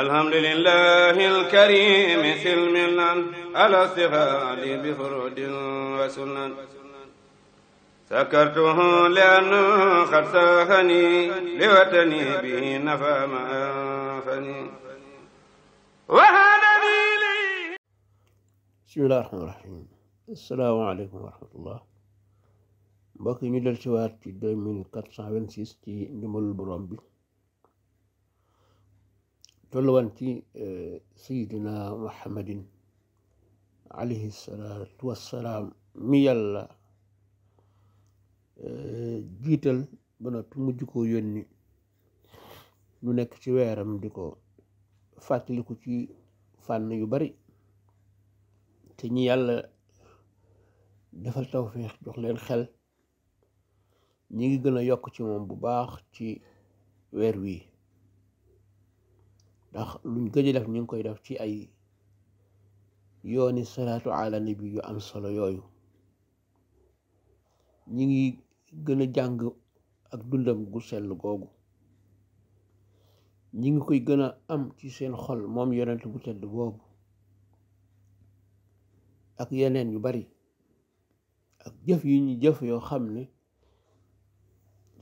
الحمد لله الكريم سلمنا على استفاد بفرود وسنن سكرته لأنه قد ساهني لوطني به نفى ما أنفني وهذا لي بسم الله الرحمن الرحيم السلام عليكم ورحمة الله mbokk yi ñu del ci waat ci 2426 ci ndimbalul borom bi tolluwan ci euh, sayidina muhammadin alayhi salaatu wassalaam mi yàlla euh, jiital ba noppi mujj koo yónni lu nekk ci weeram di ko fàttaliku ci fànn yu bari te ñi yàlla defal tawféex jox leen xel ñi ngi gën a yokk ci moom bu baax ci weer wii ndax luñ gëj a def ñu ngi koy def ci ay yooni salaatu ala nabi yu am solo yooyu ñi ngi gën a jàng ak dundam gu sell googu ñi ngi koy gën a am ci seen xol moom yonent bu tedd boobu ak yeneen yu bari ak jëf yi ñu jëf yoo xam ne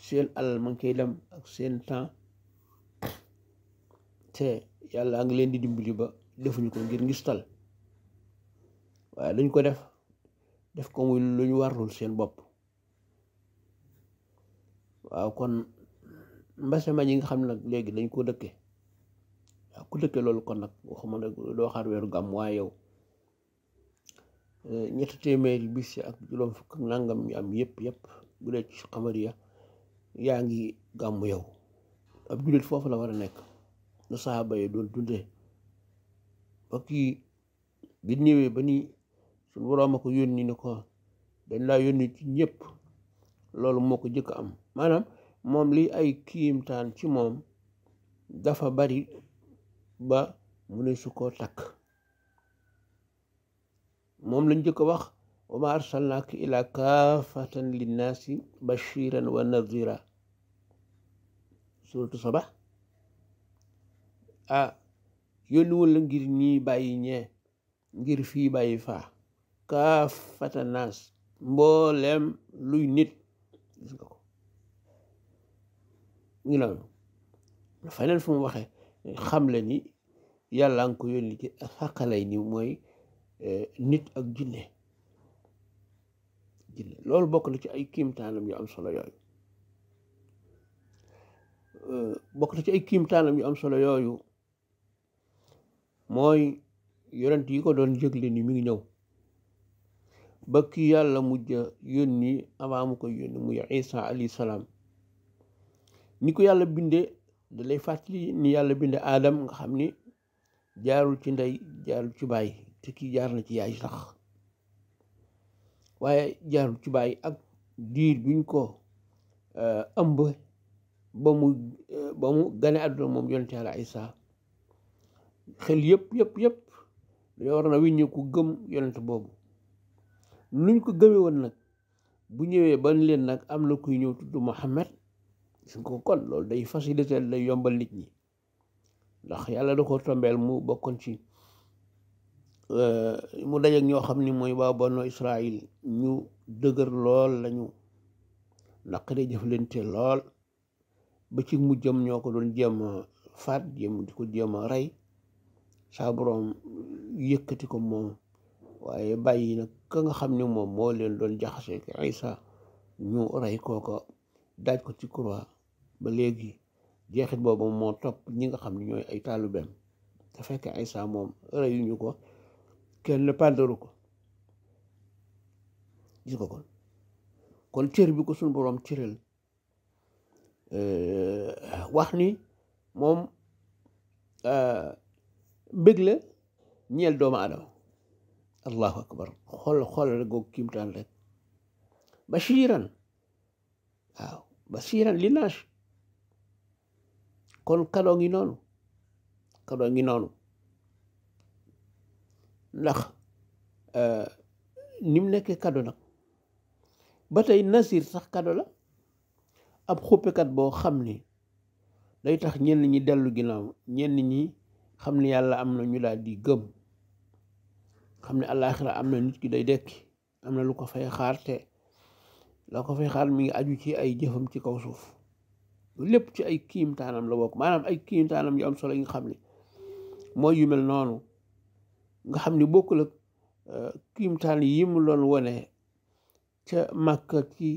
seen alal ma ngi koy dem ak seen temps te yàlla a ngi leen di dimbali ba defuñu ko ngir ngistal waaye dañ ko def def ko muy lu ñu warul seen bopp waaw kon mbase ma yi nga xam ne nag léegi dañ koo dëkke ku dëkke loolu kon nag waxuma nag doo xaar weeru gàmm waaye yow eh, ñetti téeméeri bis ak juróom fukk ak nangam yi yëpp yëpp bu dee xamariya yaa ngi gàmm yow ab jullit foofu la war a nekk nu saxaaba yi doon dundee mbokk yi bi ñëwee ba ni suñu boroom ko yónni ni ko dañ laa yónni ci ñëpp loolu moo ko jëkk am maanaam moom li ay kiimtaan ci moom dafa bari ba mu ne su koo takk moom lañ jëkk wax wa ma arsalnaaka ila kaafatan linnaasi bashiran wa nadira suratu ah yónniwul la ngir ñii bàyyi ñee ngir fii bàyyi faa kaaf fatanaas mbooleem luy nit gis nga ko ngi noonu feneen fu mu waxee xam le ni yàlla nga ko yónni ci xaqalay ni mooy eh, nit ak jinne jinne loolu bokk na ci ay kiimtaanam yu am solo yooyu eh, bokk na ci ay kiimtaanam yu am solo yooyu mooy yonent yi ko doon jëgle ni mi ngi ñëw ba ki yàlla mujj yónni avant mu ko yónni muy isa alayhi salaam ni ko yàlla binde da lay fàttali ni yàlla binde aadam nga xam ni jaarul ci ndey jaarul ci baay te kii jaar na ci yaay sax waaye jaarul ci baay ak diir biñ ko euh, ëmb ba mu euh, ba mu gane àdduna moom yonent yàlla isa xel yëpp yëpp yëpp dañoo war na wiñ ku gëm yonent boobu nuñ ko gëmee woon nag bu ñëwee ban leen nag am na kuy ñëw tudd Muhammad suñ ko kon loolu day facilité day yombal nit ñi ndax yàlla da ko tombeel mu bokkoon ci euh, mu dajeek ñoo xam ni mooy waa Banu Israil ñu dëgër lool lañu naqari jëflante lool ba ci mujjam ñoo ko doon jéem a faat di ko jéem a rey saa boroom yëkkati ko moom waaye bàyyi nag ka nga xam ne moom moo leen doon jaxase ki Isa ñu rey kooka daaj ko ci croix ba léegi jeexit boobu moo topp ñi nga xam ne ñooy ay taalibeem te fekk Isa moom reyuñu ko kenn pàndaru ko gis ko kon kon cër bi ko suñu boroom cëral eh, wax ni moom eh, mbég la ñeel doomu aadama allahu akbar xool xool rek googu kiimtaan ba siiran waaw bashiran li naas kon kadoo ngi noonu kadoo ngi noonu ndax euh, ni mu nekkee kado nag ba tey nasir sax kado la ab xuppekat boo xam ni day tax ñenn ñi dellu ginnaaw ñenn ñi xam ni yàlla am na ñu daal di gëm xam ne àllaaxira am na nit ki day dekki am na lu ko fay xaar la ko fay xaar mi ngi aju ci ay jëfam ci kaw suuf lépp ci ay kiimtaanam la bokk maanaam ay kiimtaanam yu am solo yi nga xam ne moo yu mel noonu nga xam ni bokkul ak euh, kiimtaan yi mu doon wone ca Màkka ci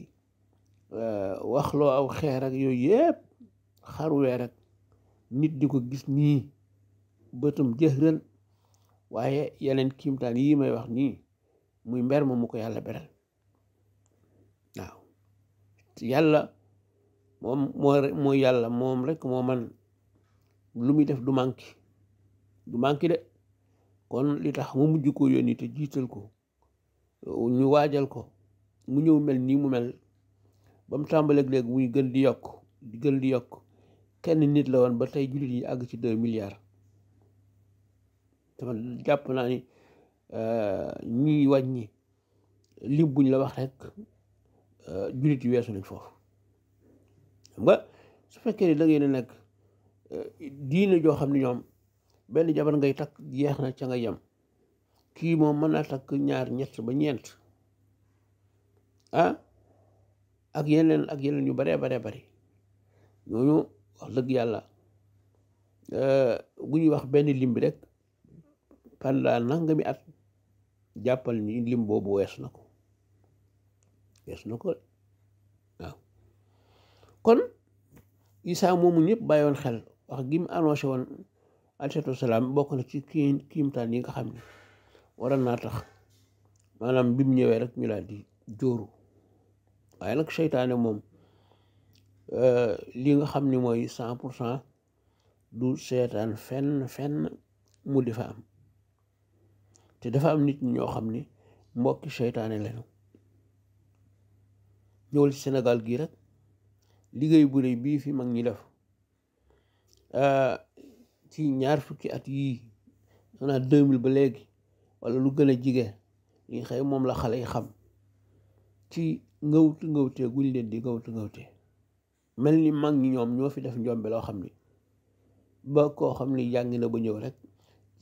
euh, loo aw xeer ak yooyu yëpp xaruwee rek nit di ko gis nii bëtum jëxrën waaye yeneen kiimtaan yii may wax nii muy mber ma mu ko yàlla beral waaw yàlla moom moo yàlla moom rek moo man lu muy def du manqué du manqué de kon li tax mu mujj ko yónni te jiital ko ñu waajal ko mu ñëw mel nii mu mel ba mu tàmbaleeg léegi muy gën di yokk di gën di yokk kenn nit la woon ba tey jullit yi àgg ci deux milliards dafa jàpp naa ni euh, ñiy wàññi lim buñ la wax rek euh, jullit yu weesu lañ foofu xam nga su fekkee ni da ngay ne nag diine joo xam ne ñoom benn jabar ngay takk jeex na ca nga yem kii moom mën naa takk ñaar ñett ba ñeent ah ak yeneen ak yeneen yu baree baree bari ñooñu wax dëgg yàlla euh, bu ñuy wax benn lim bi rek palla nangami at jàppal nii lim boobu wees na ko wees na ko waaw kon isaa moomu ñëpp bàyyoon xel wax gi mu annoncé woon aleyhi salaam bokk na ci kii kiimtaan yi nga xam ne waral naa tax maanaam bi mu ñëwee rek ñu daal di jóoru waaye nag seytaane moom euh, li nga xam ni mooy cent pour cent du seetaan fen fenn mu di am te dafa am nit ñoo xam ni mbokki seytaane lañu ñëwal ci Sénégal gii rek liggéey bu rëy bii fi mag ñi def ah, ci ñaar fukki at yii maanaam deux mille ba léegi wala lu gën a jige li nga xëy moom la xale yi xam ci ngawtu ngawtee guñ leen di ngawtu ngawtee mel ni mag ñi ñoom ñoo fi def njombe loo xam ni ba koo xam ni jàngi na ba ñëw rek ci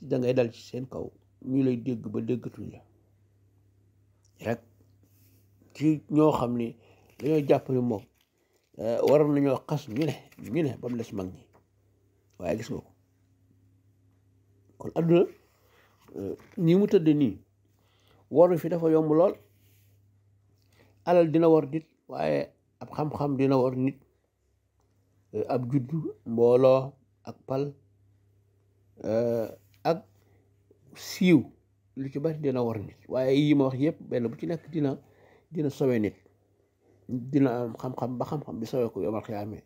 dangay dal ci seen kaw ñu lay dégg ba déggatuñ la rek ci ñoo xam ni dañoo jàpp ne moom euh, waroon nañoo xas ñu ne ñu ne ba mu des mag ñi waaye gis nga kon adduna euh, nii mu tëdd nii waru fi dafa yomb lool alal dina war nit waaye ab xam-xam dina war nit euh, ab juddu mbooloo ak pal ak siiw lu ci bari dina war nit waaye yi ma wax benn bu ci nekk dina dina sowe nit dina am xam-xam ba xam-xam bi sowe ko yomal xiyaamee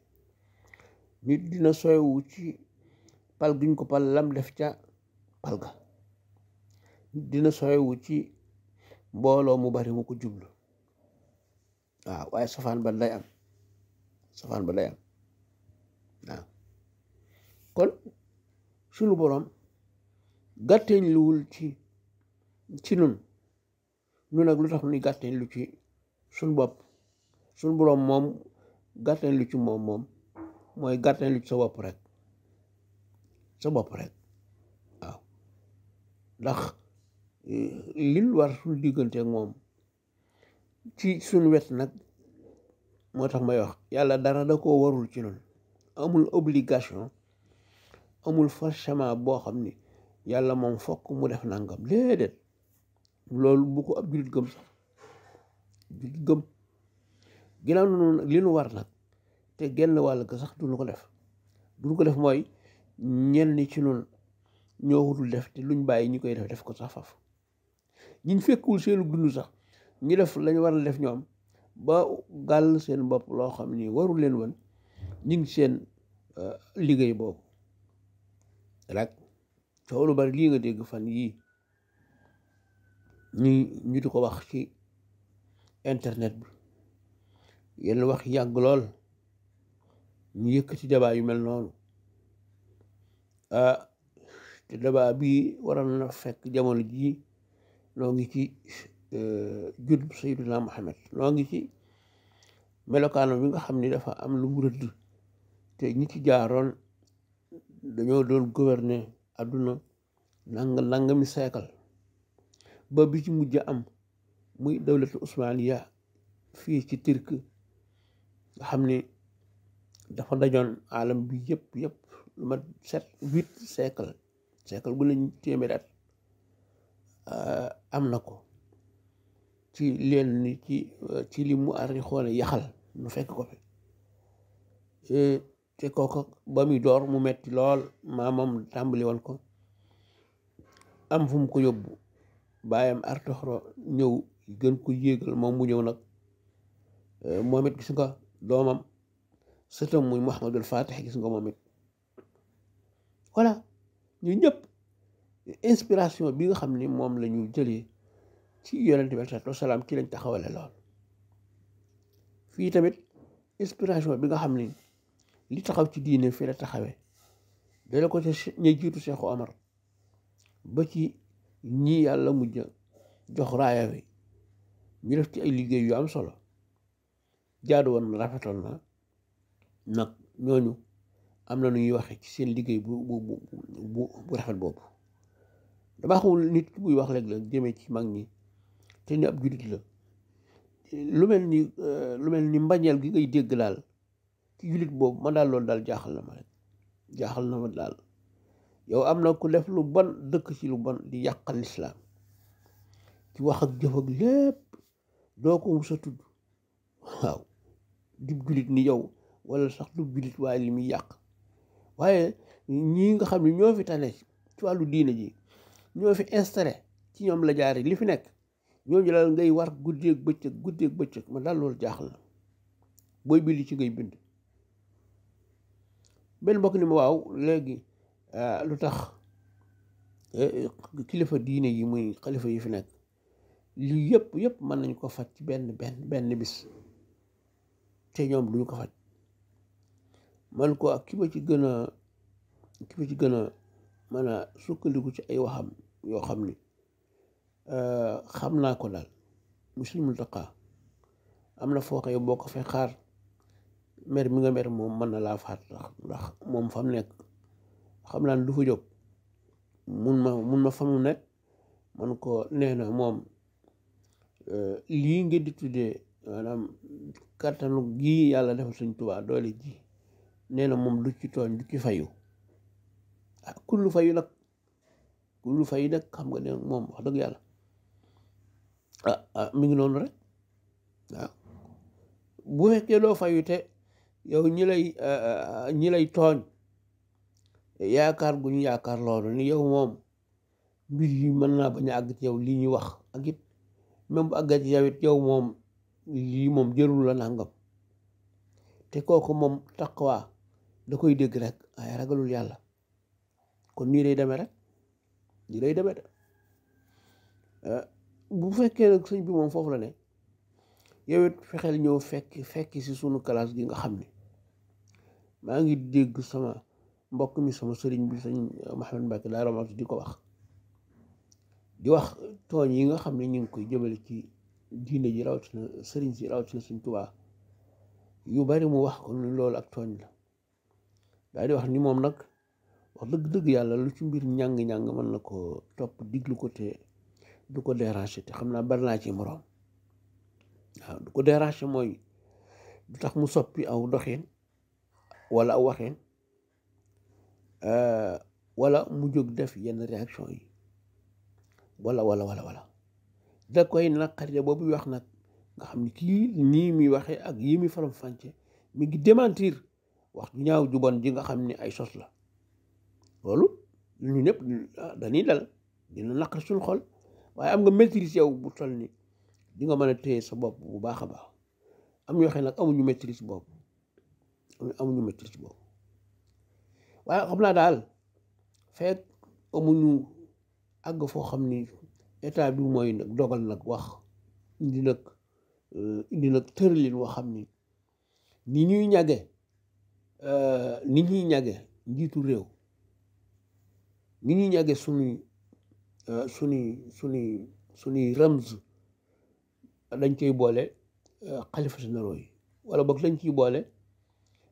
nit dina sowewu ci pal guñ ko pal lam def ca pal ga dina sowewu ci mbooloo mu bari mu ko jublu waaw waaye safaan ba day am safaan ba day am waaw kon suñu boroom gàtteñ luwul ci ci nun nun nag lu tax ni gàtteñ lu ci suñ bopp suñ boroom moom gàtteñ lu ci moom moom mooy gàtteñ lu ci sa bopp rek sa bopp rek waaw ndax e, lil war suñ diggante moom ci suñ wet nag moo tax may wax yàlla dara da koo warul ci nun amul obligation amul forcément boo xam ni yàlla moom fokk mu def nangam déedéet loolu bu ko ab jullit gëm sax jullit gëm ginnaaw noonu li nu war nag te genn wàll ga sax duñu ko def duñu ko def mooy ñenn ci nun ñoo wutul def te luñ bàyyi ñi koy def def ko sax faf ñiñ fekkul seenu dund sax ñu def lañu war a def ñoom ba gàll seen bopp loo xam ni warul leen woon ñu ngi seen euh, liggéey boobu rek coow lu bari lii nga dégg fan yii ñu ñu ko wax ci internet bi yenn wax yàgg lool ñu yëkkati daba yu mel noonu ah te débat bii waroon na fekk jamono jii noo ngi ci eh, judd Sayyiduna Muhammad noo ngi ci melokaano bi nga xam ni dafa am lu mu rëdd te ñi ci jaaroon dañoo doon gouverner àdduna nanga nangami seekal ba bi ci mujj am muy dawlatu usmaniya fii ci turk nga xam ni dafa dajoon alam bi yëpp yëpp lu mat sept huit siècle siècle bu lañ téeméer am na ko ci leen ni ci ci li mu ari xoole yaxal nu fekk ko fi te kooku ba muy door mu metti lool maamam tàmbali woon ko am fu ko yóbbu baayam artoxro ñëw gën ko yéegal moom mu ñëw nag eh, moom it gis nga doomam sëtam muy Muhammadul Fatih gis nga moom it voilà ñëpp inspiration bi nga xam ni moom la ñu jëlee ci yonent bi salaatu wasalaam ci lañ taxawale lool fii tamit inspiration bi nga xam ni li taxaw ci diine fii la taxawee dala ko ca ña jiitu Seexu Amar ba ci ñii yàlla mujj jox raaya wi ñu def ci ay liggéey yu am solo jaadu na rafetoon na nag ñooñu am na nu ñuy waxee ci seen liggéey bu bu nit ki buy wax ci mag ñi te ni ab jullit la lu mel ni euh, lu mel ni mbañeel gi ngay dégg daal jullit boobu ma daal loolu daal jaaxal na ma rek jaaxal na ma daal yow am na ku def lu bon dëkk ci lu bon di yàqal lislaam ci wax ak jëf ak lépp doo ko musa tudd waaw dib jullit ni yow wala sax du jullit waaye li muy yàq waaye ñii nga xam ne ñoo fi tane ci wàllu diina ji ñoo fi installé ci ñoom la jaare li fi nekk ñooñu daal ngay war guddeeg bëccëg guddeeg bëccëg ma daal loolu jaaxal na booy li ci ngay bind benn mbokk ni ma waaw léegi ah, lu tax eh, kilifa diine yi muy xalifa yi fi nekk lii yépp yëpp mën nañ koo faj ci benn benn benn bis te ñoom duñu ko faj man koo ak ah, ki ci gën a ki ma ci gën a mën a sukkandiku ci ay waxam yoo xam ni ah, xam naa ko daal Sëriñ Muntaxa am na foo xëy boo ko fay mer mi nga mer moom mën na laa faat ndax ndax moom fam nekk xam naa du fa jóg mun ma mun ma famu nekk man koo nee na moom euh, lii nga di tuddee maanaam kattanu gii yàlla defal suñ tubaa doole ji nee na moom du ci tooñ du ci fayu ah kullu fayu nag kullu fayu nag xam nga ne moom wax dëgg yàlla ah, ah, mi ngi noonu rek bu fekkee doo fayu te yow ñi lay eh, eh, ñi lay tooñ yaakaar gu ñu yaakaar loolu ni yow moom mbir yi mën naa bañ a àgg ci yow lii ñuy wax ak it même bu àggee ci yow moom lii moom jërul la nangam te kooku moom taqwa da koy dégg rek ay ragalul yàlla kon nii lay deme rek nii dee demee de eh, bu fekkee nag sëñ bi moom foofu la ne yow fexeel ñëw fekk fekki si sunu classe gi nga xam ni maa ngi dégg sama mbokk mi sama sëriñ bi sëñ Mouhamed Mbacke laa ramatu di ko wax di wax tooñ yi nga xam ne ñu ngi koy jëmale ci diine ji rawatina sëriñ si rawatina suñ tubaa yu bari mu wax ko ni loolu ak tooñ la daal di wax ni moom nag wax dëgg-dëgg yàlla lu ci mbir ñàng-ñàng mën na ko topp diglu ko te du ko déranger te xam naa bari naa ci moroom waaw du ko déranger mooy du tax mu soppi aw doxin wala aw waxeen euh, wala mu jóg def yenn réaction yi walla wala wala wala da koy naqari boobu wax nag nga xam ni kii nii muy waxee ak yii muy faram fance mi ngi démentir wax ju ñaaw juban ji nga xam ni ay sos la loolu ñu ñëpp dañuy dal dina naqari suñu xol waaye am nga maîtrise yow bu sol ni di nga mën a téye sa bopp bu baax a baax am ñoo xam nag amuñu maîtrise boobu amuñu maîtrise boobu waaye xam naa daal feet amuñu àgg foo xam ni état bi mooy nag dogal nag wax indi nag euh, indi nag woo xam ni ni ñuy ñage euh, ni ñuy ñage njiitu réew ni ñuy ñage suñuy euh, suñuy suñuy suñuy ramz dañ koy boole xalifa généraux yi wala boog lañ ciy boole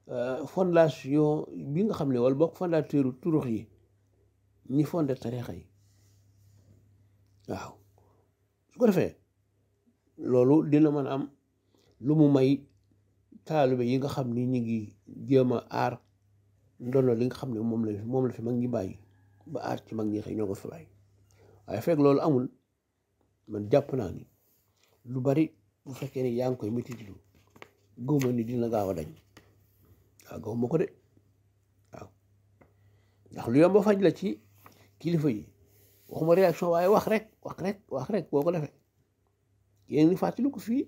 Euh, fondation bi nga xam ne wala bokk fondateur turux yi ñi fondé tarixa yi waaw su ko defee loolu dina mën am lu mu may taalibe yi nga xam ni ñu ngi jéem a aar ndono li nga xam ne moom la moom la fi mag ñi bàyyi ba aar ci mag ñi xëy ñoo ko fi bàyyi waaye fekk loolu amul man jàpp naa ni lu bari bu fekkee ne yaa ngi koy métti lu gëw ni dina gaaw a dañ waaw gaw ko de waaw lu yomb faj la ci kilifa yi waxuma réaction waaye wax rek wax rek wax rek boo ko defee yéen ngi fàttali ko fii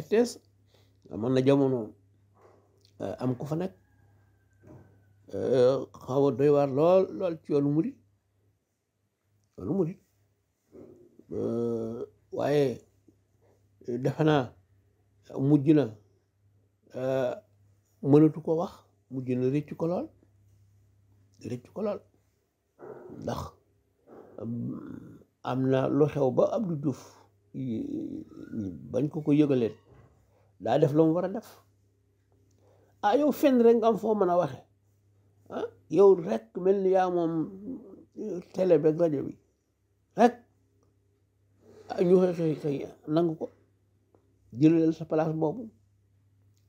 RTS mën na eh, am ku fa nekk eh, xaw a doy waar lool lool ci yoonu eh, waaye defe naa mënatu ko wax mu na rëccu ko lool rëccu ko lool ndax am na lu xew ba Abdou Diouf bañ ko ko yëgaleen daa def la mu war a def ah yow fenn rek nga foo mën a waxe ah yow rek mel ni yaa moom télé beeg rajo bi rek ah, ñu xëy xëy xëy nangu ko jëlal sa place boobu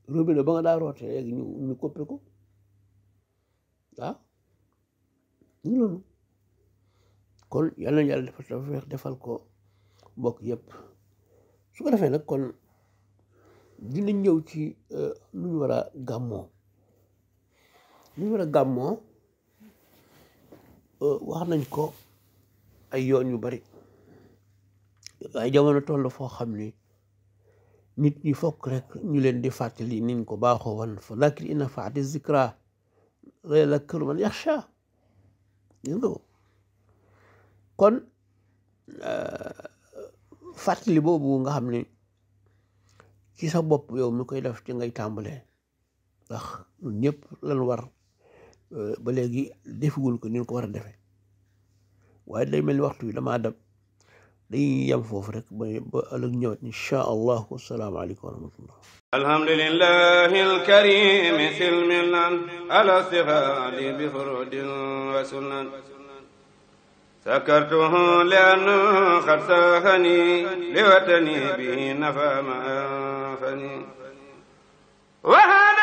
robinet ba nga daa roote léegi ñu ñu coppe ko waaw ah? ñu kon yal na yàlla defal tawfeex defal ko bokk yépp su ko defee nag kon dinañ ñëw ci euh, lu ñu a gàmmoo lu ñu a gàmmoo euh, wax nañ ko ay yoon yu bari ay jamono toll foo xam ni nit ñi fokk rek ñu leen di fàttali niñ ko baaxoo wan fa dakir ina faati zikra lay dakkaru man yaxsha kon euh, fàttali boobu nga xam ni ci sa bopp yow mi koy def ci ngay tàmbalee ndax ñun ñëpp lan war euh, ba léegi defewul ko ni ko war a defe waaye day mel ni waxtu wi damaa dab dañuy yem foofu rek ba ba ëllëg ñëwaat incha allah wasalaamu aleykum wa rahmatullah alhamdulillahi alkarim silmilan ala sihadi bi furudin wa sunan سكرته لأنه قد ساخني لوطني به نفى ما أنفني وهذا